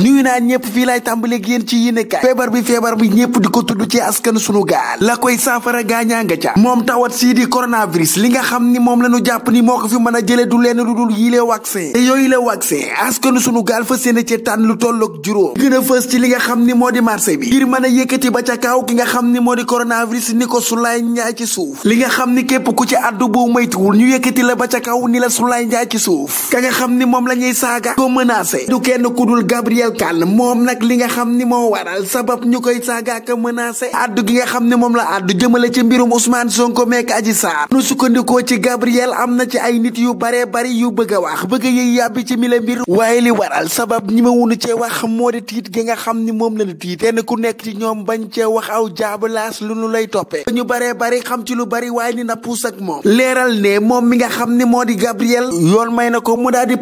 nuyu naa ñëpp fii laay tàmbaleeg yéen ci yéenekaay feebar bi feebar bi ñëpp di ko tudd ci askan sunu gaal la koy saafara gaañaa nga ca moom tawat sii di coronavirus li nga xam ni moom la ñu jàpp ni moo ko fi mën a jële leen lu dul yilee vaccin te yooyu la vaccin askan sunu gaal fas yéene ci tànn lu tolloog juróom gën a fës li nga xam ni moo di marché bi ngir mën a yëkkati ba ca kaw ki nga xam ni moo di coronavirus ni ko sulaay njaay ci suuf li nga xam ni képp ku ci àddu boo moytuwul ñu yëkkati la ba ca kaw ni la sulaay njaay ci suuf ka nga xam ni moom la ñuy saaga ko menacé du kenn ku dul Gabriel Kane moom nag li nga xam ni moo waral sabab ñu gi nga xam ne moom la addu jëmale ci mbirum Ousmane Sonko meek Adji Sarr nu sukkandikoo ci Gabriel am na ci ay nit yu baree bari yu bëgg a wax bëgg a yëy yàbbi ci mi la mbir waaye li waral sabab ñi ma wunu cee wax moo di tiit gi nga xam ni moom la nu tiit kenn ku nekk ci ñoom bañ cee wax aw jaabalaas lu nu lay toppee ñu baree bari xam ci lu bari waaye ni na puus ak moom leeral ne moom mi nga xam ni moo di Gabriel yoon may na ko mu daal di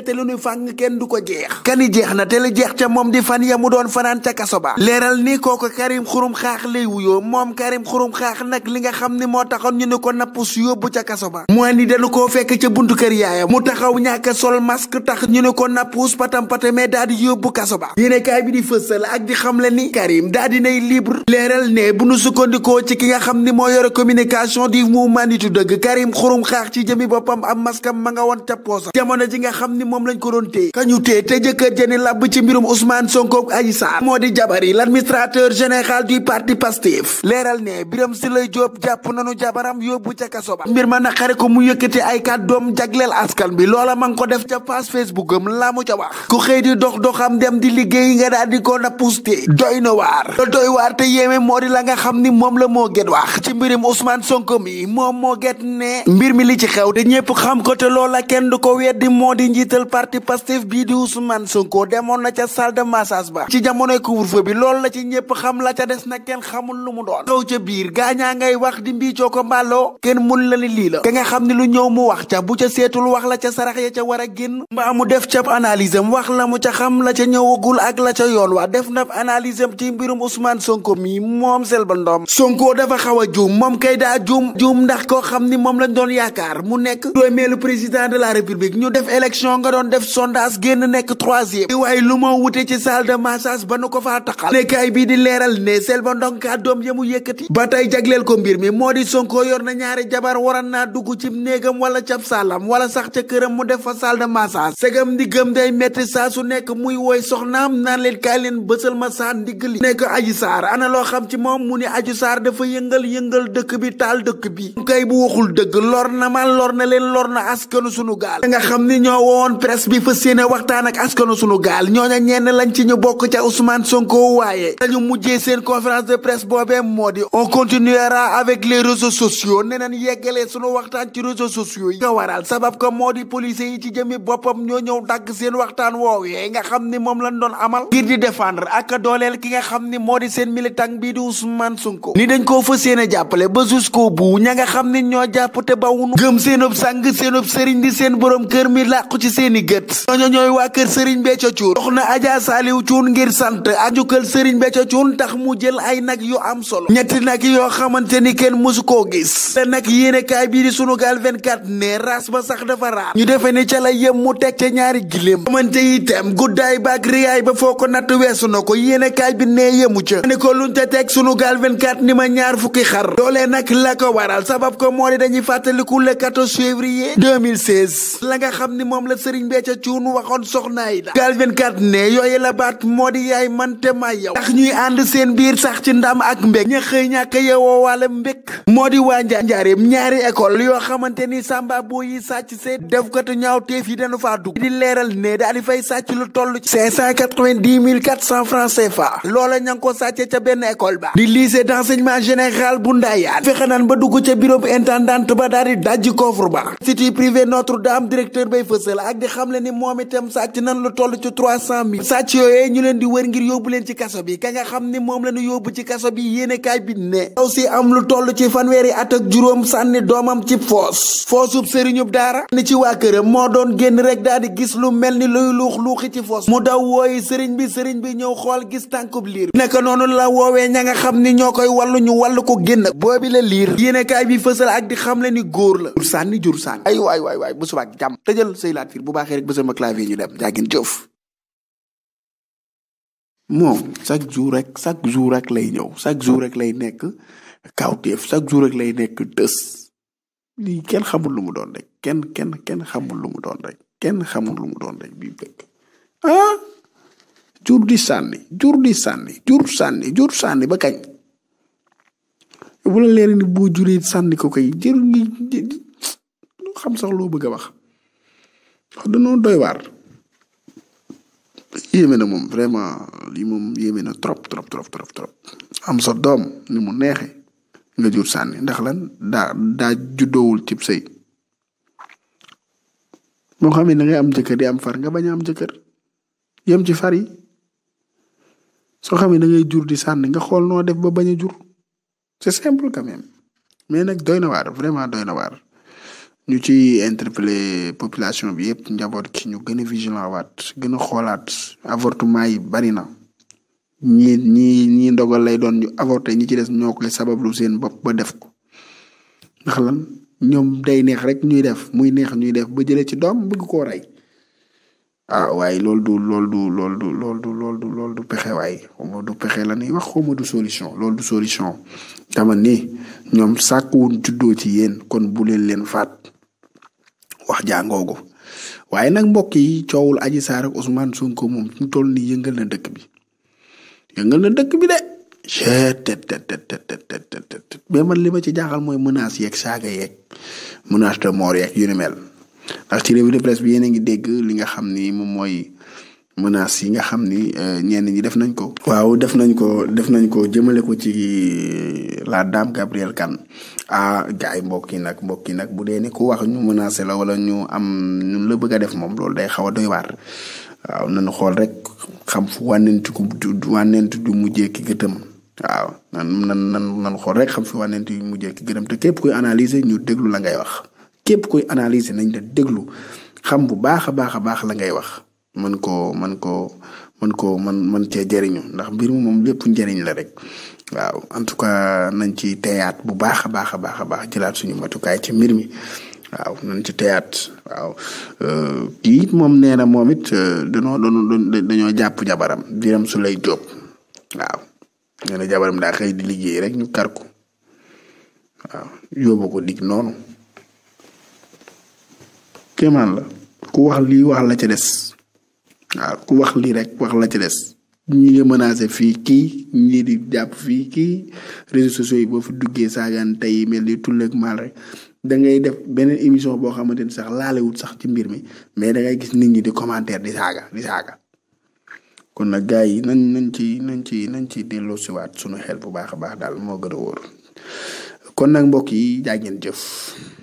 yàgg te lu nu fàng kenn du ko jeex kani jeex na te li jeex ca moom di fan ya mu doon fanaan ca kaso ba leeral ni kooku Karim Xurum Xaax lay wuyoo moom Karim Xurum Xaax nag li nga xam ni moo taxoon ñu ne ko napp su yóbbu ca kaso ba mooy ni dañu koo fekk ca buntu kër yaayam mu taxaw ñàkk sol masque tax ñu ne ko nappuus patam patamee daal di yóbbu kaso ba yéenekaay bi di fësal ak di xamle ni Karim daal di nay libre leeral ne bu nu sukkandikoo ci ki nga xam ni moo yore communication di mouvement nitu dëgg Karim Xurum Xaax ci jëmi boppam am masque ma nga woon moom lañ ko doon téye ka ñu téye te jëkkër jëni làbb ci mbirum Ousmane Sonko ak Adji Sarr moo di jabari l'administrateur général du parti Pastef leeral ne Birame Souleye Diop jàpp nañu jabaram yóbbu ca kaso ba mbir ma naqare ko mu yëkkati ay kàddoom jagleel askan bi loola ma ngi ko def ca page Facebook am la mu ca wax ku xëy di dox doxam dem di liggéey nga daal di ko na puste na waar la doy waar moo di la nga xam ni moom la moo get wax ci mbirum Ousmane Sonko mi moom moo ne mbir mi li ci xew de ñëpp xam ko te loola kenn du ko weddi moo di njiital njiital parti pastef bii di Ousmane Sonko demoon na ca salle de massage ba ci jamonoy couvre-feu bi loolu la ci ñëpp xam la ca des nag kenn xamul lu mu doon xew ca biir gaañaa ngay wax di mbii coo ko mbàlloo kenn mun la ni lii la ka nga xam ne lu ñëw mu wax ca bu ca seetul wax la ca sarax ya ca war a génn mbaa mu def ca analyse am wax la mu ca xam la ca ñëwagul ak la ca yoon wa def na analyse am ci mbirum Ousmane Sonko mi moom Selbé Ndom Sonko dafa xaw a juum moom kay daa juum juum ndax koo xam ni moom lañ doon yaakaar mu nekk doomeelu de la fa doon def sondage génn nekk troisième waaye lu moo wute ci salle de massage ba nu ko faa taxal nekkaay bii di leeral ne Selbé Ndom kàddoom ya ba tey jagleel ko mbir mi moo di Sonko yor na ñaari jabar waran naa dugg ci néegam wala cab saalam wala sax ca këram mu def fa salle de massage segam ndiggam day saa su nekk muy woy soxnaam naan leen kaay leen bësal ma saa ndigg li nekk Adji Sarr ana loo xam ci moom mu ni Adji Sarr dafa yëngal yëngal dëkk bi taal dëkk bi kay bu waxul dëgg lor na ma lor na leen lor na askanu sunu gaal nga xam ni ñoo woon woon presse bi fas yéene waxtaan ak askanu sunu gaal ñooña ñenn lañ ci ñu bokk ca Ousmane Sonko waaye dañu mujjee seen conférence de presse boobee moo di on continuera avec les réseaux sociaux neneen yeggalee sunu waxtaan ci réseaux sociaux yi nga waral sabab ko moo di police yi ci jëmi boppam ñoo ñëw dagg seen waxtaan woowee nga xam ni moom lañ doon amal ngir di défendre ak dooleel ki nga xam ni moo di seen militant bii di Ousmane Sonko ni dañ koo fas yéene jàppale ba jusqu'au bout ña nga xam ni ñoo jàpp te bawunu gëm seenub sàng seenub seeni gët ñooñu ñooy waa mu jël ay nag yu am solo ñetti nag yoo xamante ni kenn mësu koo gis te nag yéene kaay bii di Sunugal 24 ne ras ba sax dafa raam ñu defe ni ca la yem mu teg ca ñaari giléem guddaay baak riyaay ba foo ko natt weesu na ko yéene kaay bi nee yemu ca ko luñ te teg Sunugal la ko waral sabab ko moo di dañuy fàttaliku le 14 février 2016 la nga xam ni moom la sëriñ Béthio Thioune waxoon soxna yi la gaal 24 ne yooyu la baat ak mbég ña xëy ñàkk yewoo wala moo di waa njaareem ñaari école yoo xamante ni sàmba boo yi sàcc see def ko te ñaaw teef yi dañu faa dugg di leeral ne daal fay sàcc lu toll ci 590 400 francs CFA loola ña ngi ko sàcce ca benn école ba di lycée d'enseignement général bu Ndayane fexe ba dugg ca bureau intendante ba daal di dajji coffre ba institut privé Notre-Dame directeur bay fësal ak di xam la ni moom itam sàcc nan lu toll ci trois cent mille sàcc yooyee ñu leen di wër ngir yóbbu leen ci kaso bi ka nga xam ni moom la ñu yóbbu ci kaso bi yéene kaay bi ne ndaw am lu toll ci fanweeri at ak juróom sànni doomam ci foos foosub sëriñub daara ni ci waa këram moo doon génn rek daal di gis lu mel ni luy luux luuxi ci foos mu daw wooyi sëriñ bi sëriñ bi ñëw xool gis tànkub liir naka noonu la woowee ña nga xam ni ñoo koy wàllu ñu wàllu ko génn boobi la liir yéene kaay bi fësal ak di xamle ni góor la sànni jur sànni ay waay waay waay bu subaa jàmm tëjal sëy laat fiir bu baaxee rek ba sama clavier ñu dem jaa ngeen jëf moom chaque jour rek chaque jour rek lay ñëw chaque jour rek lay nekk kawteef chaque jour rek lay nekk dës lii kenn xamul lu mu doon rek kenn kenn kenn xamul lu mu doon rek kenn xamul lu mu doon rek bii dëkk ah jur di sànni jur di sànni jur sànni jur sànni ba kañ bu la leer ni boo juree sànni ko koy jër ngi xam sax loo bëgg a wax wax danoo doy waar yéeme na moom vraiment lii moom yéeme na trop trop trop trop trop am sa doom ni mu neexee nga jur sànni ndax lan daa daa juddoowul cib sëy moo xam ne da ngay am jëkkër di am far nga bañ am jëkkër yem ci far yi soo xam ne da ngay jur di sànni nga xool noo def ba bañ a jur c'est simple quand même mais nag doy na waar vraiment doy na waar. ñu ci interpeller population bi yëpp njaboot ki ñu gën a vigilant waat gën xoolaat avortement yi bari na ñii ñi ñi ndogal lay doon ñu avorté ñi ci des ñoo koy sabablu seen bopp ba def ko ndax lan ñoom day neex rek ñuy def muy neex ñuy def ba jëlee ci doom bëgg koo rey ah waaye loolu du lool du lool du lool du lool du lool du pexe waaye xawma du pexe la ñuy wax xawma du solution loolu du solution dama ni ñoom sàkkuwun juddoo ci yéen kon bu leen leen faat wax jàngoogu waaye nag mbokk yi coowul aji Sarr ak Ousmane Sonko moom fi mu toll nii yëngal na dëkk bi yëngal na dëkk bi de. tet mais man li ma ci jaaxal mooy menace yeeg saaga yeeg menace de mort yeeg yu ni mel ndax ci revue de presse bi yéen a ngi dégg li nga xam ni moom mooy. menaces yi nga xam ni euh, ñenn ñi def nañ ko. waaw def nañ ko def nañ ko jëmale ko ci euh, la dame Gabrielle Kane ah gars yi mbokk yi nag mbokk yi nag bu dee ni ko wax ñu menacé la wala ñu am ñun la bëgg def moom loolu day xaw a doy waar. waaw nañu xool rek xam fu wànnent ku wànnent du mujjee ki gëtëm waaw nan nan nan xool rek xam fu wànnent yu mujjee ki gëtëm te képp kuy analyser ñu déglu la ngay wax képp kuy analyser nañ la déglu xam bu baax a baax a baax la ngay wax. mën koo mën koo mën koo mën mën cee jëriñu ndax mbir mi moom lépp njariñ la rek waaw en tout cas nañ ci teyaat bu baax a baax a baax a baax jëlaat suñu matukaay ci mbir mi waaw nañ ci teyaat waaw euh, kii it moom nee na moom it euh, dañoo dañoo jàpp jabaram diram su lay jóob waaw nee daa xëy di liggéey rek ñu kar ko waaw yóbbu ko dig noonu kéemaan la ku wax lii wax la ca des waaw ku wax lii rek wax la ci des ñii di menacé fii kii ñii di jàpp fii kii réseaux sociaux yi boo fi duggee saagaan tey mel ni tulleeg maal rek dangay def beneen émission boo xamante ni sax laalewut sax ci mbir mi mais da ngay gis nit ñi di commentaire di saaga di saaga kon nag gars yi nañ nañ ci nañ ci nañ ci delloo siwaat suñu xel bu baax a baax daal moo gën a wóor kon nag mbokk yi jàngeen jëf